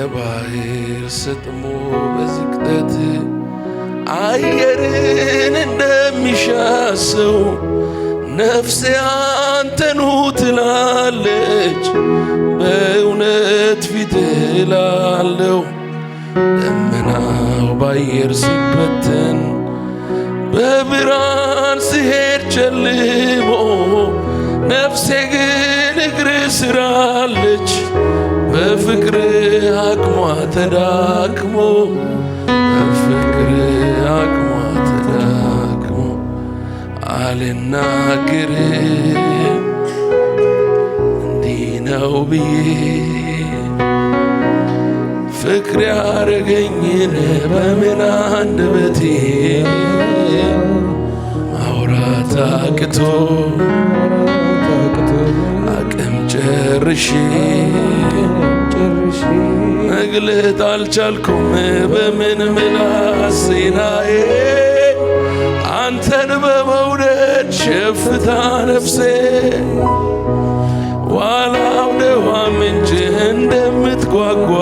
ከባህር ሰጥሞ በዝቅጠት አየርን እንደሚሻሰው ነፍሴ አንተኑ ትላለች። በእውነት ፊት ላለው ደመናው ባየር ሲበተን በብርሃን ሲሄድ ጨልሞ ነፍሴ ግን እግር ስራለች። በፍቅር አቅሟ ተዳክሞ በፍቅር አቅሟ ተዳክሞ አልናገርም እንዲህ ነው ብዬ ፍቅር ያረገኝን በምን አንደበቴ ማውራት አቅቶ አቅም ጨርሼ ደርሼ መግለጥ አልቻልኩም በምን ምላስ ዜናዬ አንተን በመውደድ ሸፍታ ነፍሴ ዋላ ወደ ውሃ ምንጭ እንደምትጓጓ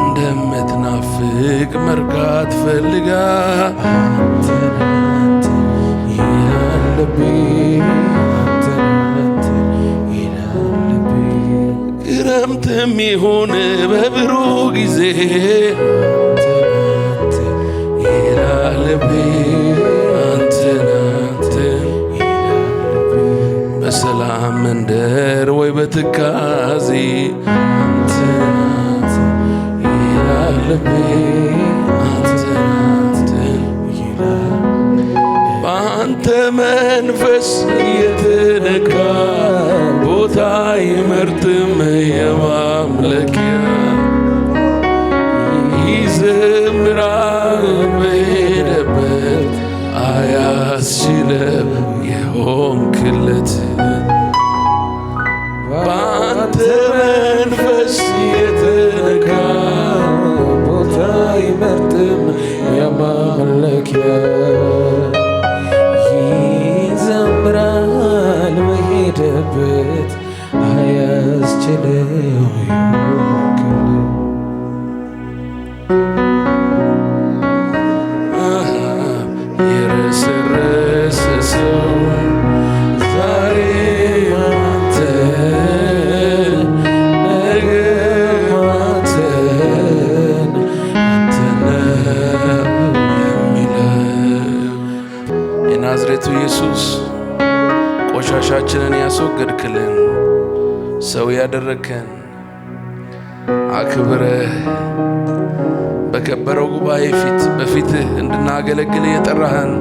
እንደምትናፍቅ መርካት ፈልጋ ክረምት የሚሆን በብሩ ጊዜ ይራልቤ አንትናንት በሰላም መንደር ወይ በትካዜ አንትናንት ይራልቤ አንትናንት መንፈስ እየተነካ ቦታ አይመርጥም የማምለኪያ ይዘምራል በሄደበት አያስችለም የሆንክለት በአንተ መንፈስ የተነካ ቦታ አይመርጥም የማምለኪያ ይዘምራል በሄደበት ችለው የረሰረሰ ሰው ዛሬ አንተ ነገ አንተን የናዝሬቱ ኢየሱስ ቆሻሻችንን ያስወገድክልን ሰው ያደረግከን አክብረህ በከበረው ጉባኤ ፊት በፊትህ እንድናገለግል የጠራህን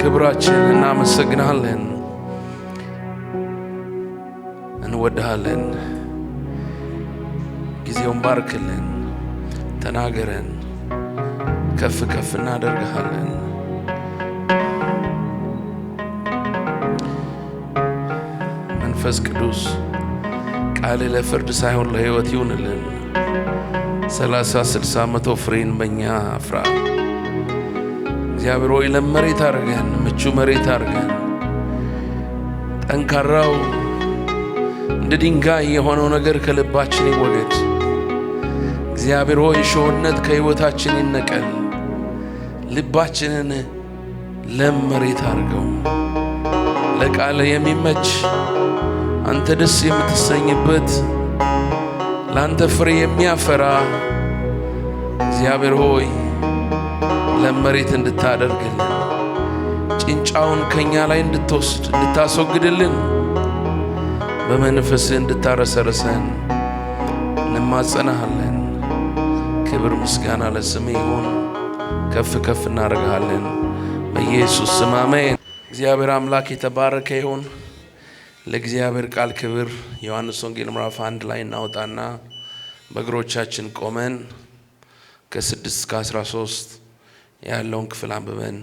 ክብራችን እናመሰግናለን፣ እንወድሃለን። ጊዜውን ባርክልን፣ ተናገረን፣ ከፍ ከፍ እናደርግሃለን። መንፈስ ቅዱስ ቃል ለፍርድ ሳይሆን ለሕይወት ይሁንልን። ሰላሳ ስልሳ መቶ ፍሬን በእኛ አፍራ። እግዚአብሔር ሆይ ለም መሬት አድርገን፣ ምቹ መሬት አድርገን፣ ጠንካራው እንደ ድንጋይ የሆነው ነገር ከልባችን ይወገድ። እግዚአብሔር ሆይ ሾህነት ከሕይወታችን ይነቀል። ልባችንን ለም መሬት አድርገው ለቃል የሚመች አንተ ደስ የምትሰኝበት ለአንተ ፍሬ የሚያፈራ እግዚአብሔር ሆይ ለመሬት እንድታደርግልን ጭንጫውን ከእኛ ላይ እንድትወስድ እንድታስወግድልን በመንፈስህ እንድታረሰርሰን እንማጸናሃለን። ክብር ምስጋና ለስም ይሁን። ከፍ ከፍ እናደርግሃለን። በኢየሱስ ስም አሜን። እግዚአብሔር አምላክ የተባረከ ይሁን። ለእግዚአብሔር ቃል ክብር ዮሐንስ ወንጌል ምዕራፍ አንድ ላይ እናወጣና በእግሮቻችን ቆመን ከስድስት እስከ አስራ ሶስት ያለውን ክፍል አንብበን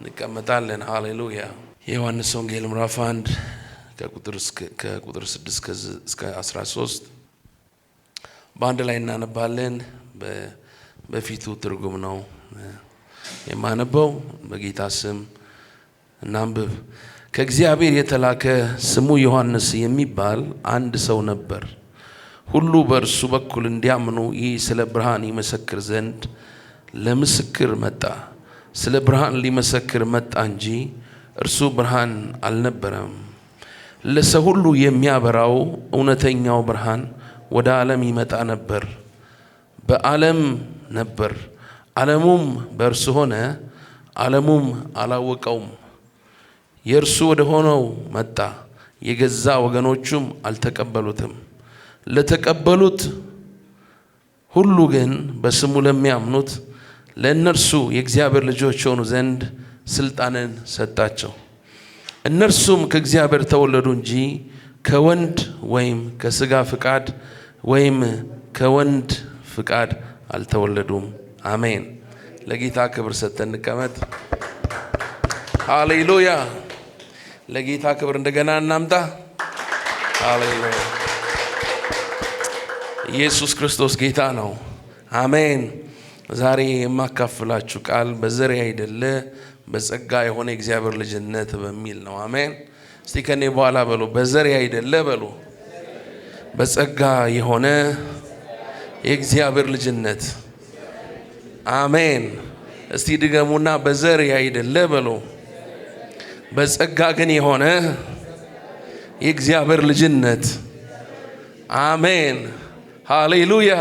እንቀመጣለን። ሃሌሉያ። የዮሐንስ ወንጌል ምዕራፍ አንድ ከቁጥር ስድስት እስከ አስራ ሶስት በአንድ ላይ እናነባለን። በፊቱ ትርጉም ነው የማነበው። በጌታ ስም እናንብብ። ከእግዚአብሔር የተላከ ስሙ ዮሐንስ የሚባል አንድ ሰው ነበር። ሁሉ በእርሱ በኩል እንዲያምኑ ይህ ስለ ብርሃን ይመሰክር ዘንድ ለምስክር መጣ። ስለ ብርሃን ሊመሰክር መጣ እንጂ እርሱ ብርሃን አልነበረም። ለሰው ሁሉ የሚያበራው እውነተኛው ብርሃን ወደ ዓለም ይመጣ ነበር። በዓለም ነበር፣ ዓለሙም በእርሱ ሆነ፣ ዓለሙም አላወቀውም። የእርሱ ወደ ሆነው መጣ፣ የገዛ ወገኖቹም አልተቀበሉትም። ለተቀበሉት ሁሉ ግን በስሙ ለሚያምኑት ለእነርሱ የእግዚአብሔር ልጆች የሆኑ ዘንድ ስልጣንን ሰጣቸው። እነርሱም ከእግዚአብሔር ተወለዱ እንጂ ከወንድ ወይም ከስጋ ፍቃድ ወይም ከወንድ ፍቃድ አልተወለዱም። አሜን። ለጌታ ክብር ሰጥተን እንቀመጥ። ሃሌሉያ ለጌታ ክብር እንደገና እናምጣ። ሃሌሉያ! ኢየሱስ ክርስቶስ ጌታ ነው። አሜን። ዛሬ የማካፍላችሁ ቃል በዘሬ አይደለ በጸጋ የሆነ የእግዚአብሔር ልጅነት በሚል ነው። አሜን። እስቲ ከኔ በኋላ በሉ፣ በዘሬ አይደለ በሉ፣ በጸጋ የሆነ የእግዚአብሔር ልጅነት። አሜን። እስቲ ድገሙና በዘሬ አይደለ በሉ በጸጋ ግን የሆነ የእግዚአብሔር ልጅነት አሜን፣ ሃሌሉያ።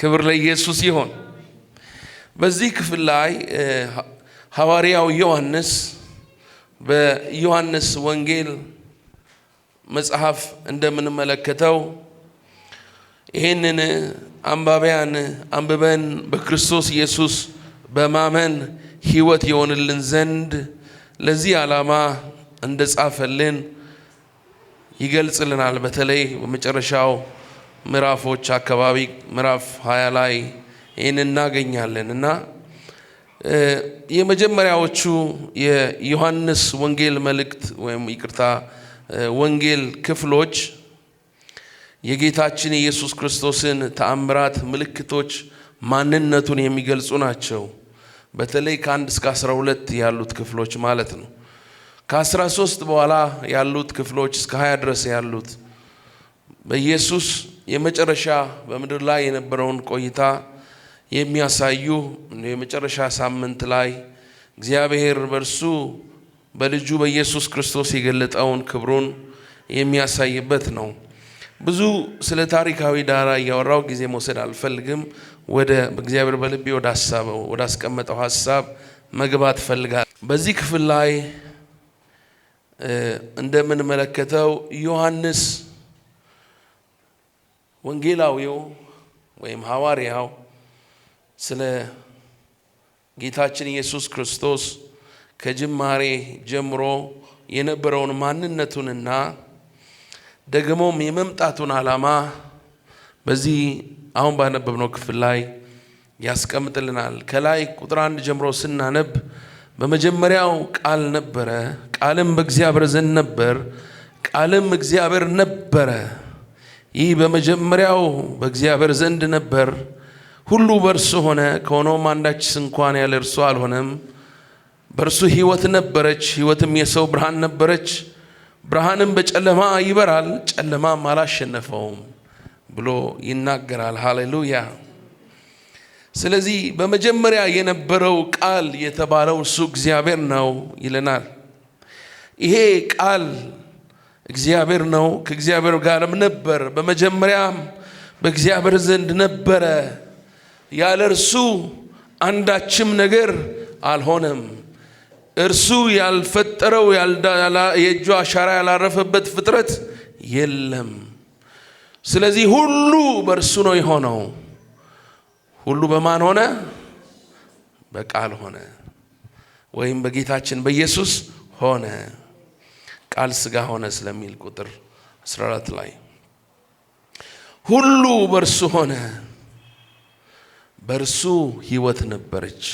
ክብር ለኢየሱስ ይሆን። በዚህ ክፍል ላይ ሐዋርያው ዮሐንስ በዮሐንስ ወንጌል መጽሐፍ እንደምንመለከተው ይህንን አንባቢያን አንብበን በክርስቶስ ኢየሱስ በማመን ሕይወት የሆንልን ዘንድ ለዚህ ዓላማ እንደ ጻፈልን ይገልጽልናል። በተለይ በመጨረሻው ምዕራፎች አካባቢ ምዕራፍ ሀያ ላይ ይህን እናገኛለን እና የመጀመሪያዎቹ የዮሐንስ ወንጌል መልእክት ወይም ይቅርታ ወንጌል ክፍሎች የጌታችን የኢየሱስ ክርስቶስን ተአምራት፣ ምልክቶች፣ ማንነቱን የሚገልጹ ናቸው። በተለይ ከአንድ እስከ 12 ያሉት ክፍሎች ማለት ነው። ከ13 በኋላ ያሉት ክፍሎች እስከ 20 ድረስ ያሉት በኢየሱስ የመጨረሻ በምድር ላይ የነበረውን ቆይታ የሚያሳዩ የመጨረሻ ሳምንት ላይ እግዚአብሔር በእርሱ በልጁ በኢየሱስ ክርስቶስ የገለጠውን ክብሩን የሚያሳይበት ነው። ብዙ ስለ ታሪካዊ ዳራ እያወራው ጊዜ መውሰድ አልፈልግም። ወደ እግዚአብሔር በልቤ ወደ አሳበው ወደ አስቀመጠው ሀሳብ መግባት ፈልጋል። በዚህ ክፍል ላይ እንደምንመለከተው ዮሐንስ ወንጌላዊው ወይም ሐዋርያው ስለ ጌታችን ኢየሱስ ክርስቶስ ከጅማሬ ጀምሮ የነበረውን ማንነቱንና ደግሞም የመምጣቱን ዓላማ በዚህ አሁን ባነበብነው ክፍል ላይ ያስቀምጥልናል። ከላይ ቁጥር አንድ ጀምሮ ስናነብ በመጀመሪያው ቃል ነበረ፣ ቃልም በእግዚአብሔር ዘንድ ነበር፣ ቃልም እግዚአብሔር ነበረ። ይህ በመጀመሪያው በእግዚአብሔር ዘንድ ነበር። ሁሉ በእርሱ ሆነ፣ ከሆነውም አንዳች እንኳን ያለ እርሱ አልሆነም። በእርሱ ሕይወት ነበረች፣ ሕይወትም የሰው ብርሃን ነበረች። ብርሃንም በጨለማ ይበራል፣ ጨለማም አላሸነፈውም። ብሎ ይናገራል። ሃሌሉያ። ስለዚህ በመጀመሪያ የነበረው ቃል የተባለው እሱ እግዚአብሔር ነው ይለናል። ይሄ ቃል እግዚአብሔር ነው፣ ከእግዚአብሔር ጋርም ነበር፣ በመጀመሪያም በእግዚአብሔር ዘንድ ነበረ፣ ያለ እርሱ አንዳችም ነገር አልሆነም። እርሱ ያልፈጠረው የእጁ አሻራ ያላረፈበት ፍጥረት የለም። ስለዚህ ሁሉ በእርሱ ነው የሆነው። ሁሉ በማን ሆነ? በቃል ሆነ፣ ወይም በጌታችን በኢየሱስ ሆነ። ቃል ስጋ ሆነ ስለሚል ቁጥር 14 ላይ ሁሉ በእርሱ ሆነ፣ በእርሱ ህይወት ነበረች።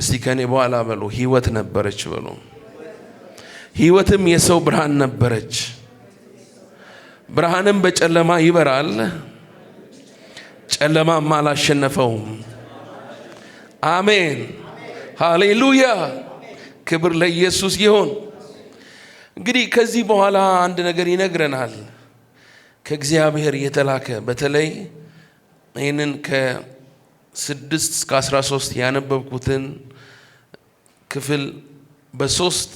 እስቲ ከኔ በኋላ በሉ፣ ህይወት ነበረች በሉ። ህይወትም የሰው ብርሃን ነበረች ብርሃንም በጨለማ ይበራል፣ ጨለማም አላሸነፈውም። አሜን ሃሌሉያ። ክብር ለኢየሱስ ይሆን። እንግዲህ ከዚህ በኋላ አንድ ነገር ይነግረናል። ከእግዚአብሔር የተላከ በተለይ ይህንን ከስድስት እስከ አስራ ሶስት ያነበብኩትን ክፍል በሶስት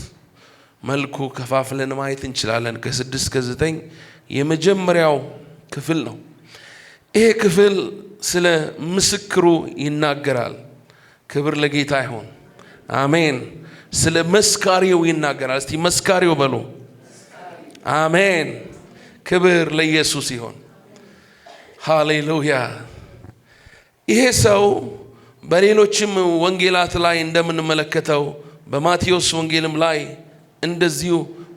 መልኩ ከፋፍለን ማየት እንችላለን። ከስድስት ከዘጠኝ የመጀመሪያው ክፍል ነው። ይሄ ክፍል ስለ ምስክሩ ይናገራል። ክብር ለጌታ ይሁን። አሜን። ስለ መስካሪው ይናገራል። እስቲ መስካሪው በሉ። አሜን። ክብር ለኢየሱስ ይሁን። ሃሌሉያ። ይሄ ሰው በሌሎችም ወንጌላት ላይ እንደምንመለከተው በማቴዎስ ወንጌልም ላይ እንደዚሁ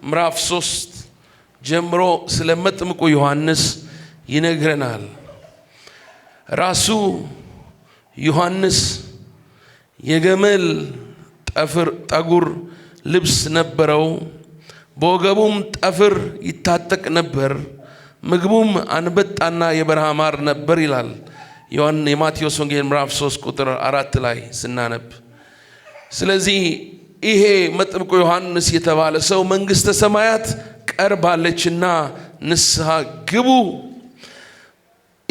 ምዕራፍ ሶስት ጀምሮ ስለ መጥምቁ ዮሐንስ ይነግረናል። ራሱ ዮሐንስ የገመል ጠፍር ጠጉር ልብስ ነበረው። በወገቡም ጠፍር ይታጠቅ ነበር። ምግቡም አንበጣና የበረሃ ማር ነበር ይላል የማቴዎስ ወንጌል ምዕራፍ 3 ቁጥር አራት ላይ ስናነብ። ስለዚህ ይሄ መጥምቁ ዮሐንስ የተባለ ሰው መንግሥተ ሰማያት ቀርባለችና ንስሐ ግቡ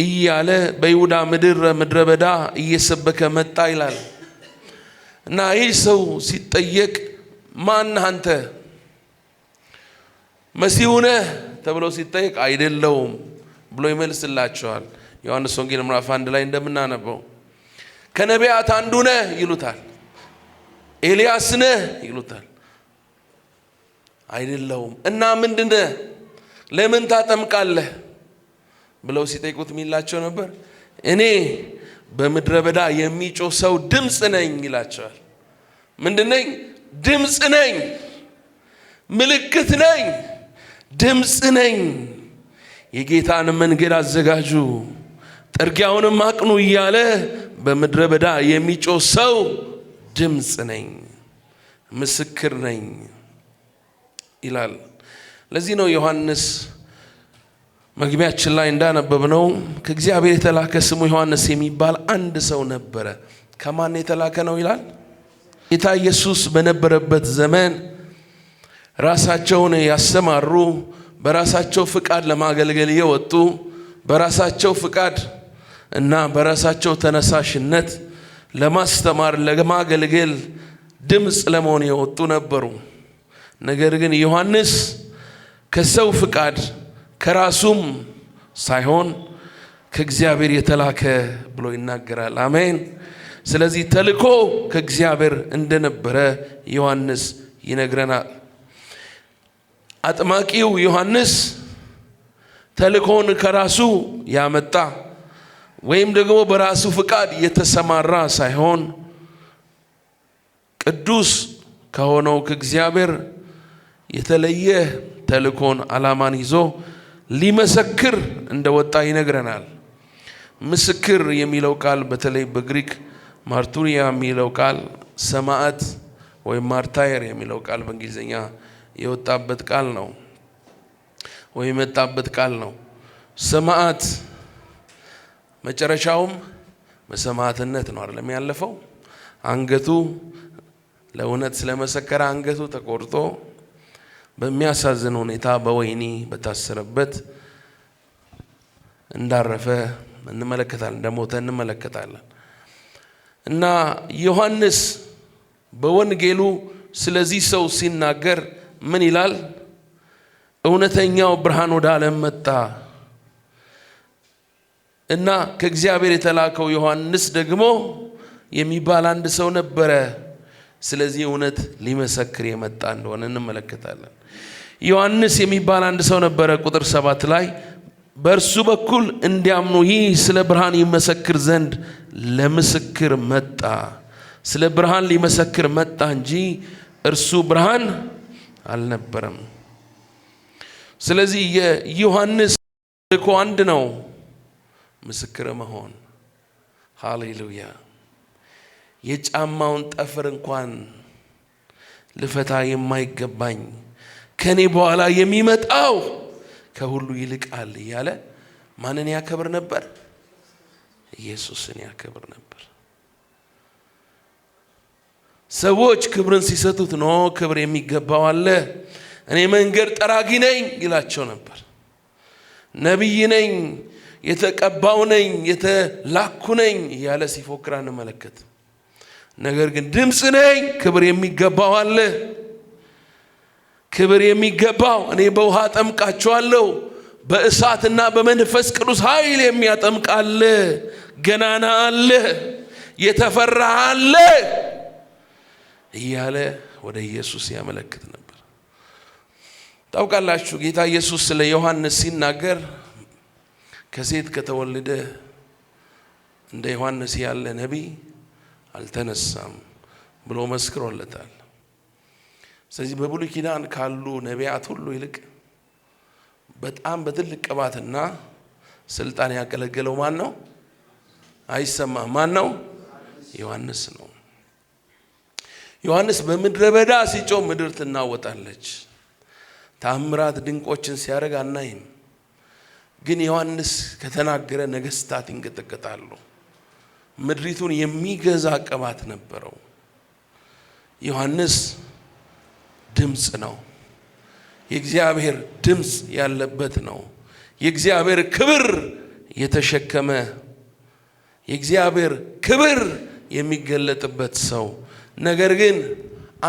እያለ በይሁዳ ምድር ምድረ በዳ እየሰበከ መጣ ይላል እና ይህ ሰው ሲጠየቅ ማን አንተ መሲሁ ነህ ተብሎ ሲጠየቅ አይደለውም ብሎ ይመልስላቸዋል። ዮሐንስ ወንጌል ምዕራፍ አንድ ላይ እንደምናነበው ከነቢያት አንዱ ነህ ይሉታል። ኤልያስ ነህ ይሉታል። አይደለውም እና ምንድነ ለምን ታጠምቃለህ ብለው ሲጠይቁት የሚላቸው ነበር እኔ በምድረ በዳ የሚጮ ሰው ድምፅ ነኝ ይላቸዋል። ምንድነኝ? ድምፅ ነኝ፣ ምልክት ነኝ፣ ድምፅ ነኝ። የጌታን መንገድ አዘጋጁ፣ ጥርጊያውንም አቅኑ እያለ በምድረ በዳ የሚጮ ሰው ድምፅ ነኝ፣ ምስክር ነኝ። ይላል። ለዚህ ነው ዮሐንስ መግቢያችን ላይ እንዳነበብነው ከእግዚአብሔር የተላከ ስሙ ዮሐንስ የሚባል አንድ ሰው ነበረ። ከማን የተላከ ነው ይላል? ጌታ ኢየሱስ በነበረበት ዘመን ራሳቸውን ያሰማሩ፣ በራሳቸው ፍቃድ ለማገልገል የወጡ በራሳቸው ፍቃድ እና በራሳቸው ተነሳሽነት ለማስተማር ለማገልገል ድምፅ ለመሆን የወጡ ነበሩ። ነገር ግን ዮሐንስ ከሰው ፍቃድ ከራሱም ሳይሆን ከእግዚአብሔር የተላከ ብሎ ይናገራል። አሜን። ስለዚህ ተልኮ ከእግዚአብሔር እንደነበረ ዮሐንስ ይነግረናል። አጥማቂው ዮሐንስ ተልኮን ከራሱ ያመጣ ወይም ደግሞ በራሱ ፍቃድ የተሰማራ ሳይሆን ቅዱስ ከሆነው ከእግዚአብሔር የተለየ ተልእኮን ዓላማን ይዞ ሊመሰክር እንደወጣ ይነግረናል። ምስክር የሚለው ቃል በተለይ በግሪክ ማርቱሪያ የሚለው ቃል ሰማዕት ወይም ማርታየር የሚለው ቃል በእንግሊዝኛ የወጣበት ቃል ነው ወይም የመጣበት ቃል ነው። ሰማዕት መጨረሻውም በሰማዕትነት ነው አይደለም ያለፈው። አንገቱ ለእውነት ስለመሰከረ አንገቱ ተቆርጦ በሚያሳዝን ሁኔታ በወህኒ በታሰረበት እንዳረፈ እንመለከታለን፣ እንደሞተ እንመለከታለን። እና ዮሐንስ በወንጌሉ ስለዚህ ሰው ሲናገር ምን ይላል? እውነተኛው ብርሃን ወደ ዓለም መጣ እና ከእግዚአብሔር የተላከው ዮሐንስ ደግሞ የሚባል አንድ ሰው ነበረ። ስለዚህ እውነት ሊመሰክር የመጣ እንደሆነ እንመለከታለን። ዮሐንስ የሚባል አንድ ሰው ነበረ። ቁጥር ሰባት ላይ በእርሱ በኩል እንዲያምኑ ይህ ስለ ብርሃን ይመሰክር ዘንድ ለምስክር መጣ። ስለ ብርሃን ሊመሰክር መጣ እንጂ እርሱ ብርሃን አልነበረም። ስለዚህ የዮሐንስ ልኮ አንድ ነው፣ ምስክር መሆን። ሃሌሉያ! የጫማውን ጠፍር እንኳን ልፈታ የማይገባኝ ከኔ በኋላ የሚመጣው ከሁሉ ይልቃል እያለ ማንን ያከብር ነበር? ኢየሱስን ያከብር ነበር። ሰዎች ክብርን ሲሰጡት ኖ ክብር የሚገባው አለ፣ እኔ መንገድ ጠራጊ ነኝ ይላቸው ነበር። ነቢይ ነኝ፣ የተቀባው ነኝ፣ የተላኩ ነኝ እያለ ሲፎክር አንመለከትም። ነገር ግን ድምፅ ነኝ፣ ክብር የሚገባው አለ ክብር የሚገባው እኔ በውሃ አጠምቃችኋለሁ፣ በእሳትና በመንፈስ ቅዱስ ኃይል የሚያጠምቅ አለ። ገናና አለ፣ የተፈራ አለ እያለ ወደ ኢየሱስ ያመለክት ነበር። ታውቃላችሁ ጌታ ኢየሱስ ስለ ዮሐንስ ሲናገር ከሴት ከተወለደ እንደ ዮሐንስ ያለ ነቢይ አልተነሳም ብሎ መስክሮለታል። ስለዚህ በብሉይ ኪዳን ካሉ ነቢያት ሁሉ ይልቅ በጣም በትልቅ ቅባትና ስልጣን ያገለገለው ማን ነው? አይሰማ ማን ነው? ዮሐንስ ነው። ዮሐንስ በምድረ በዳ ሲጮህ ምድር ትናወጣለች። ታምራት ድንቆችን ሲያደርግ አናይም። ግን ዮሐንስ ከተናገረ ነገስታት ይንቀጠቀጣሉ። ምድሪቱን የሚገዛ ቅባት ነበረው ዮሐንስ ድምፅ ነው። የእግዚአብሔር ድምፅ ያለበት ነው። የእግዚአብሔር ክብር የተሸከመ የእግዚአብሔር ክብር የሚገለጥበት ሰው። ነገር ግን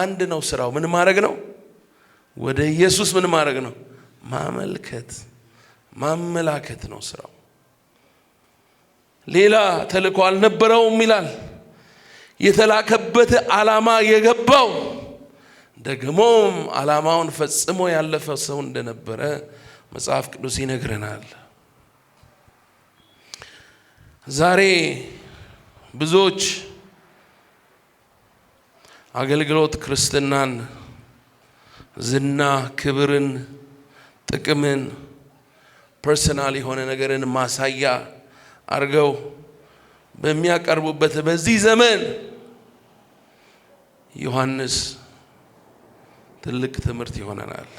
አንድ ነው ስራው። ምን ማድረግ ነው? ወደ ኢየሱስ ምን ማድረግ ነው? ማመልከት ማመላከት ነው ስራው። ሌላ ተልእኮ አልነበረውም ይላል። የተላከበት ዓላማ የገባው ደግሞም ዓላማውን ፈጽሞ ያለፈ ሰው እንደነበረ መጽሐፍ ቅዱስ ይነግረናል። ዛሬ ብዙዎች አገልግሎት ክርስትናን፣ ዝና፣ ክብርን፣ ጥቅምን፣ ፐርሰናል የሆነ ነገርን ማሳያ አድርገው በሚያቀርቡበት በዚህ ዘመን ዮሐንስ ትልቅ ትምህርት ይሆነናል።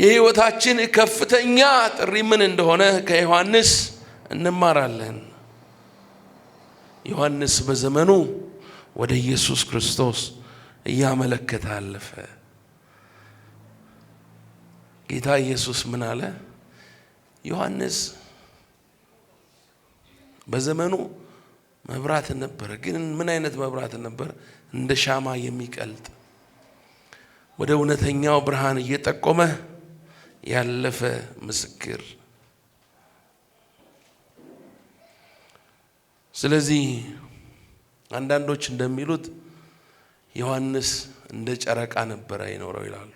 የህይወታችን ከፍተኛ ጥሪ ምን እንደሆነ ከዮሐንስ እንማራለን። ዮሐንስ በዘመኑ ወደ ኢየሱስ ክርስቶስ እያመለከተ አለፈ። ጌታ ኢየሱስ ምን አለ? ዮሐንስ በዘመኑ መብራት ነበረ፣ ግን ምን አይነት መብራት ነበር? እንደ ሻማ የሚቀልጥ ወደ እውነተኛው ብርሃን እየጠቆመ ያለፈ ምስክር። ስለዚህ አንዳንዶች እንደሚሉት ዮሐንስ እንደ ጨረቃ ነበረ ይኖረው ይላሉ።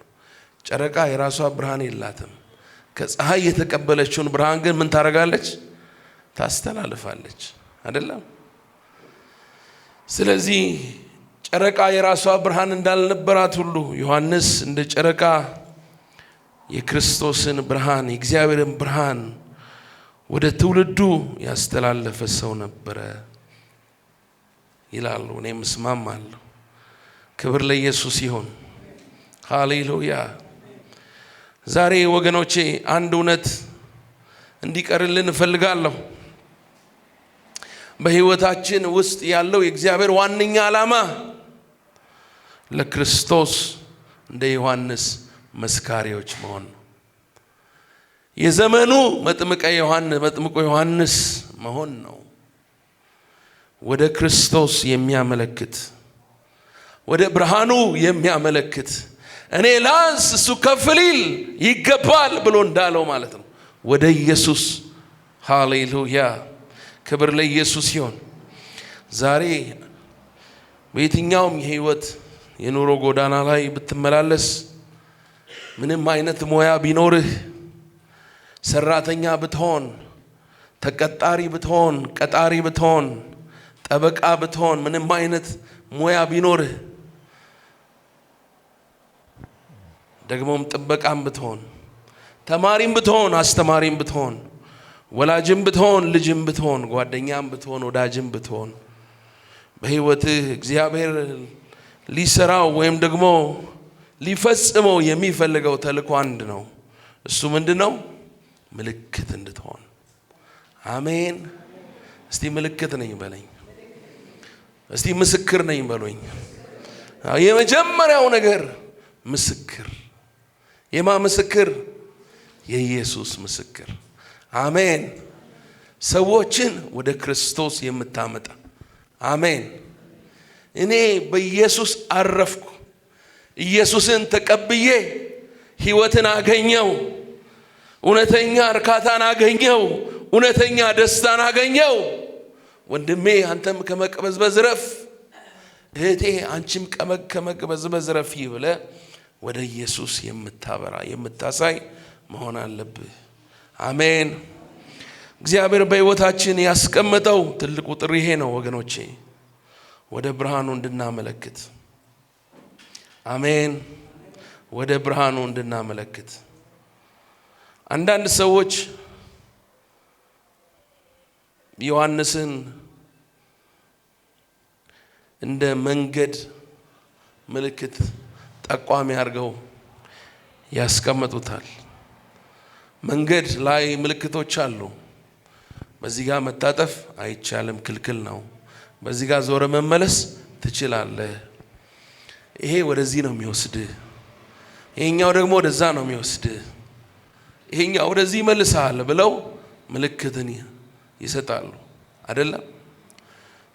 ጨረቃ የራሷ ብርሃን የላትም። ከፀሐይ የተቀበለችውን ብርሃን ግን ምን ታደርጋለች? ታስተላልፋለች። አይደለም? ስለዚህ ጨረቃ የራሷ ብርሃን እንዳልነበራት ሁሉ ዮሐንስ እንደ ጨረቃ የክርስቶስን ብርሃን የእግዚአብሔርን ብርሃን ወደ ትውልዱ ያስተላለፈ ሰው ነበረ ይላሉ። እኔም እስማማለሁ። ክብር ለኢየሱስ ይሁን። ሃሌሉያ። ዛሬ ወገኖቼ አንድ እውነት እንዲቀርልን እፈልጋለሁ። በሕይወታችን ውስጥ ያለው የእግዚአብሔር ዋነኛ ዓላማ ለክርስቶስ እንደ ዮሐንስ መስካሪዎች መሆን ነው። የዘመኑ መጥምቀ ዮሐንስ መጥምቁ ዮሐንስ መሆን ነው። ወደ ክርስቶስ የሚያመለክት ወደ ብርሃኑ የሚያመለክት እኔ ላንስ እሱ ከፍ ሊል ይገባል ብሎ እንዳለው ማለት ነው። ወደ ኢየሱስ ሃሌሉያ፣ ክብር ለኢየሱስ ይሁን። ዛሬ በየትኛውም የህይወት የኑሮ ጎዳና ላይ ብትመላለስ፣ ምንም አይነት ሙያ ቢኖርህ፣ ሰራተኛ ብትሆን፣ ተቀጣሪ ብትሆን፣ ቀጣሪ ብትሆን፣ ጠበቃ ብትሆን፣ ምንም አይነት ሙያ ቢኖርህ ደግሞም ጥበቃም ብትሆን፣ ተማሪም ብትሆን፣ አስተማሪም ብትሆን፣ ወላጅም ብትሆን፣ ልጅም ብትሆን፣ ጓደኛም ብትሆን፣ ወዳጅም ብትሆን በህይወትህ እግዚአብሔር ሊሰራው ወይም ደግሞ ሊፈጽመው የሚፈልገው ተልእኮ አንድ ነው። እሱ ምንድን ነው? ምልክት እንድትሆን። አሜን። እስቲ ምልክት ነኝ በለኝ። እስቲ ምስክር ነኝ በሉኝ። የመጀመሪያው ነገር ምስክር። የማ ምስክር? የኢየሱስ ምስክር። አሜን። ሰዎችን ወደ ክርስቶስ የምታመጣ አሜን። እኔ በኢየሱስ አረፍኩ፣ ኢየሱስን ተቀብዬ ሕይወትን አገኘው፣ እውነተኛ እርካታን አገኘው፣ እውነተኛ ደስታን አገኘው። ወንድሜ አንተም ከመቅበዝበዝ ረፍ፣ እህቴ አንቺም ቀመግ ከመቅበዝበዝ ረፍ ብለ ወደ ኢየሱስ የምታበራ የምታሳይ መሆን አለብህ። አሜን። እግዚአብሔር በሕይወታችን ያስቀመጠው ትልቁ ጥሪ ይሄ ነው ወገኖቼ። ወደ ብርሃኑ እንድናመለክት አሜን። ወደ ብርሃኑ እንድናመለክት አንዳንድ ሰዎች ዮሐንስን እንደ መንገድ ምልክት ጠቋሚ አድርገው ያስቀምጡታል። መንገድ ላይ ምልክቶች አሉ። በዚህ ጋር መታጠፍ አይቻልም፣ ክልክል ነው። በዚህ ጋር ዞረ መመለስ ትችላለህ። ይሄ ወደዚህ ነው የሚወስድ፣ ይሄኛው ደግሞ ወደዛ ነው የሚወስድ፣ ይሄኛው ወደዚህ ይመልሳል ብለው ምልክትን ይሰጣሉ አይደለም።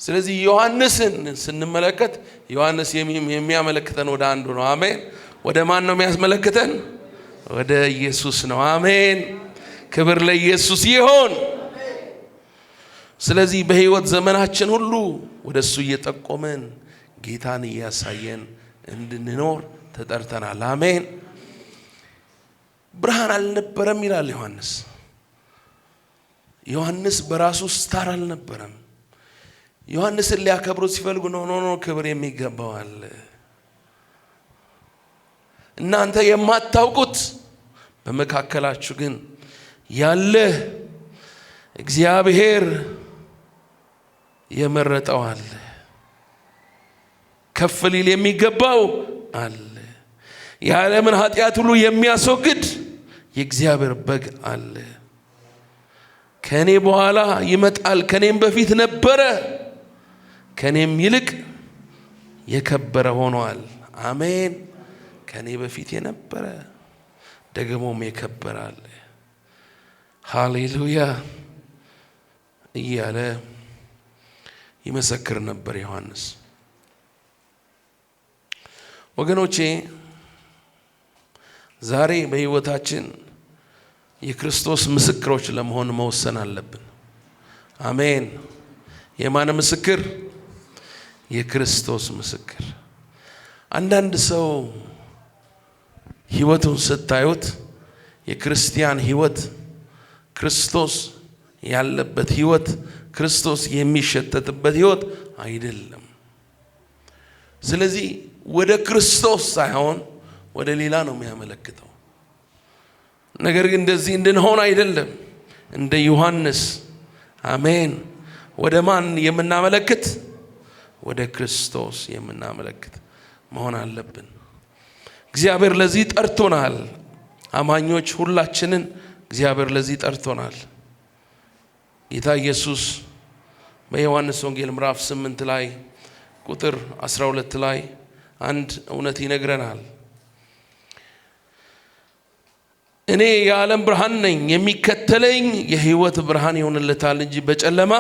ስለዚህ ዮሐንስን ስንመለከት ዮሐንስ የሚያመለክተን ወደ አንዱ ነው። አሜን። ወደ ማን ነው የሚያስመለክተን? ወደ ኢየሱስ ነው። አሜን። ክብር ለኢየሱስ ይሆን። ስለዚህ በህይወት ዘመናችን ሁሉ ወደ እሱ እየጠቆመን ጌታን እያሳየን እንድንኖር ተጠርተናል። አሜን። ብርሃን አልነበረም ይላል ዮሐንስ። ዮሐንስ በራሱ ስታር አልነበረም። ዮሐንስን ሊያከብሩት ሲፈልጉ ነው ኖ ኖ ክብር የሚገባዋል እናንተ የማታውቁት በመካከላችሁ ግን ያለ እግዚአብሔር የመረጠው አለ። ከፍ ሊል የሚገባው አለ። የዓለምን ኃጢአት ሁሉ የሚያስወግድ የእግዚአብሔር በግ አለ። ከእኔ በኋላ ይመጣል፣ ከእኔም በፊት ነበረ፣ ከእኔም ይልቅ የከበረ ሆኗል። አሜን። ከእኔ በፊት የነበረ ደግሞም የከበረ አለ። ሃሌሉያ እያለ ይመሰክር ነበር ዮሐንስ። ወገኖቼ ዛሬ በሕይወታችን የክርስቶስ ምስክሮች ለመሆን መወሰን አለብን። አሜን። የማን ምስክር? የክርስቶስ ምስክር። አንዳንድ ሰው ሕይወቱን ስታዩት የክርስቲያን ሕይወት ክርስቶስ ያለበት ሕይወት ክርስቶስ የሚሸተትበት ህይወት አይደለም። ስለዚህ ወደ ክርስቶስ ሳይሆን ወደ ሌላ ነው የሚያመለክተው። ነገር ግን እንደዚህ እንድንሆን አይደለም። እንደ ዮሐንስ አሜን። ወደ ማን የምናመለክት? ወደ ክርስቶስ የምናመለክት መሆን አለብን። እግዚአብሔር ለዚህ ጠርቶናል። አማኞች ሁላችንን እግዚአብሔር ለዚህ ጠርቶናል። ጌታ ኢየሱስ በዮሐንስ ወንጌል ምዕራፍ 8 ላይ ቁጥር 12 ላይ አንድ እውነት ይነግረናል። እኔ የዓለም ብርሃን ነኝ፣ የሚከተለኝ የህይወት ብርሃን ይሆንለታል እንጂ በጨለማ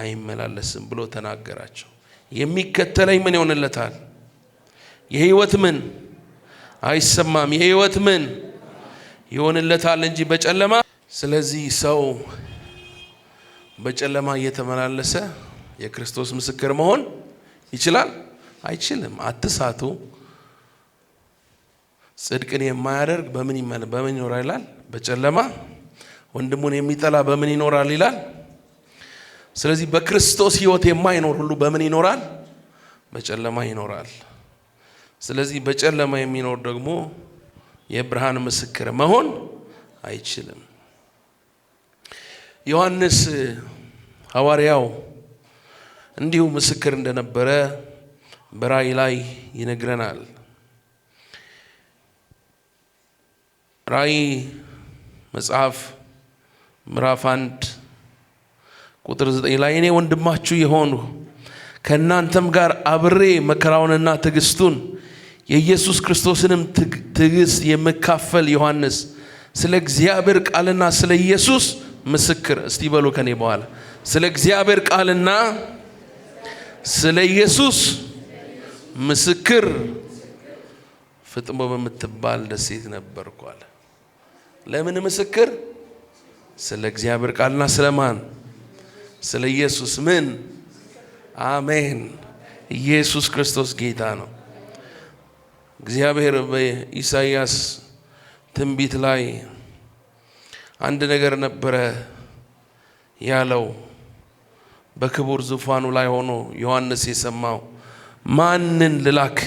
አይመላለስም ብሎ ተናገራቸው። የሚከተለኝ ምን ይሆንለታል? የህይወት ምን አይሰማም፣ የህይወት ምን ይሆንለታል እንጂ በጨለማ ስለዚህ ሰው በጨለማ እየተመላለሰ የክርስቶስ ምስክር መሆን ይችላል? አይችልም። አትሳቱ። ጽድቅን የማያደርግ በምን በምን ይኖራል ይላል? በጨለማ ወንድሙን የሚጠላ በምን ይኖራል ይላል? ስለዚህ በክርስቶስ ሕይወት የማይኖር ሁሉ በምን ይኖራል? በጨለማ ይኖራል። ስለዚህ በጨለማ የሚኖር ደግሞ የብርሃን ምስክር መሆን አይችልም። ዮሐንስ ሐዋርያው እንዲሁ ምስክር እንደነበረ በራእይ ላይ ይነግረናል። ራእይ መጽሐፍ ምዕራፍ አንድ ቁጥር ዘጠኝ ላይ እኔ ወንድማችሁ የሆንሁ ከእናንተም ጋር አብሬ መከራውንና ትዕግስቱን የኢየሱስ ክርስቶስንም ትዕግስት የምካፈል ዮሐንስ ስለ እግዚአብሔር ቃልና ስለ ኢየሱስ ምስክር። እስቲ በሉ ከኔ በኋላ ስለ እግዚአብሔር ቃልና ስለ ኢየሱስ ምስክር ፍጥሞ በምትባል ደሴት ነበርኩ አለ። ለምን ምስክር? ስለ እግዚአብሔር ቃልና ስለ ማን? ስለ ኢየሱስ ምን? አሜን። ኢየሱስ ክርስቶስ ጌታ ነው። እግዚአብሔር በኢሳይያስ ትንቢት ላይ አንድ ነገር ነበረ ያለው በክቡር ዙፋኑ ላይ ሆኖ ዮሐንስ የሰማው ማንን ልላክ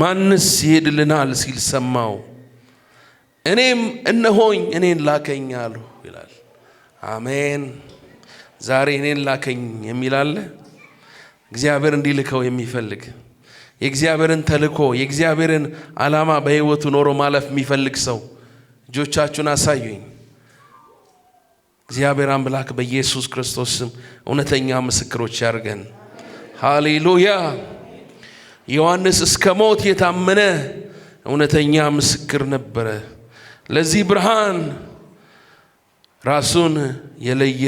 ማንስ ይሄድልናል ሲል ሰማው። እኔም እነሆኝ እኔን ላከኝ አሉ ይላል። አሜን። ዛሬ እኔን ላከኝ የሚላለ እግዚአብሔር እንዲልከው የሚፈልግ የእግዚአብሔርን ተልእኮ የእግዚአብሔርን ዓላማ በሕይወቱ ኖሮ ማለፍ የሚፈልግ ሰው እጆቻችሁን አሳዩኝ። እግዚአብሔር አምላክ በኢየሱስ ክርስቶስ ስም እውነተኛ ምስክሮች ያርገን። ሃሌሉያ። ዮሐንስ እስከ ሞት የታመነ እውነተኛ ምስክር ነበረ። ለዚህ ብርሃን ራሱን የለየ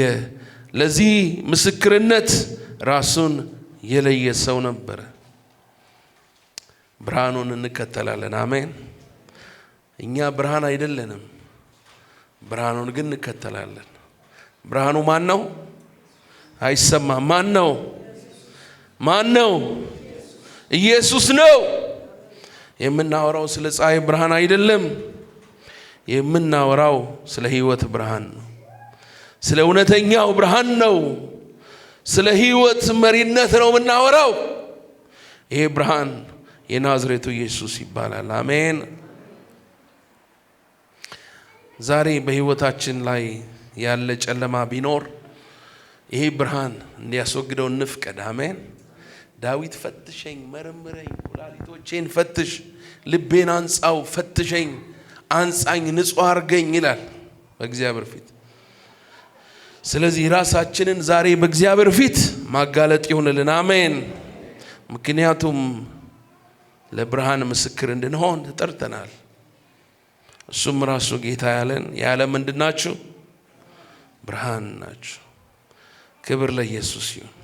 ለዚህ ምስክርነት ራሱን የለየ ሰው ነበረ። ብርሃኑን እንከተላለን። አሜን። እኛ ብርሃን አይደለንም፣ ብርሃኑን ግን እንከተላለን። ብርሃኑ ማን ነው? አይሰማም። ማን ነው? ማን ነው? ኢየሱስ ነው። የምናወራው ስለ ፀሐይ ብርሃን አይደለም። የምናወራው ስለ ህይወት ብርሃን ነው። ስለ እውነተኛው ብርሃን ነው። ስለ ህይወት መሪነት ነው የምናወራው። ይሄ ብርሃን የናዝሬቱ ኢየሱስ ይባላል። አሜን። ዛሬ በህይወታችን ላይ ያለ ጨለማ ቢኖር ይሄ ብርሃን እንዲያስወግደው እንፍቀድ። አሜን። ዳዊት ፈትሸኝ፣ መርምረኝ፣ ኩላሊቶቼን ፈትሽ፣ ልቤን አንጻው፣ ፈትሸኝ፣ አንጻኝ፣ ንጹሕ አርገኝ ይላል በእግዚአብሔር ፊት። ስለዚህ ራሳችንን ዛሬ በእግዚአብሔር ፊት ማጋለጥ ይሆንልን። አሜን። ምክንያቱም ለብርሃን ምስክር እንድንሆን ተጠርተናል። እሱም ራሱ ጌታ ያለን የዓለም ናችሁ? ብርሃን ናቸው። ክብር ለኢየሱስ ይሁን።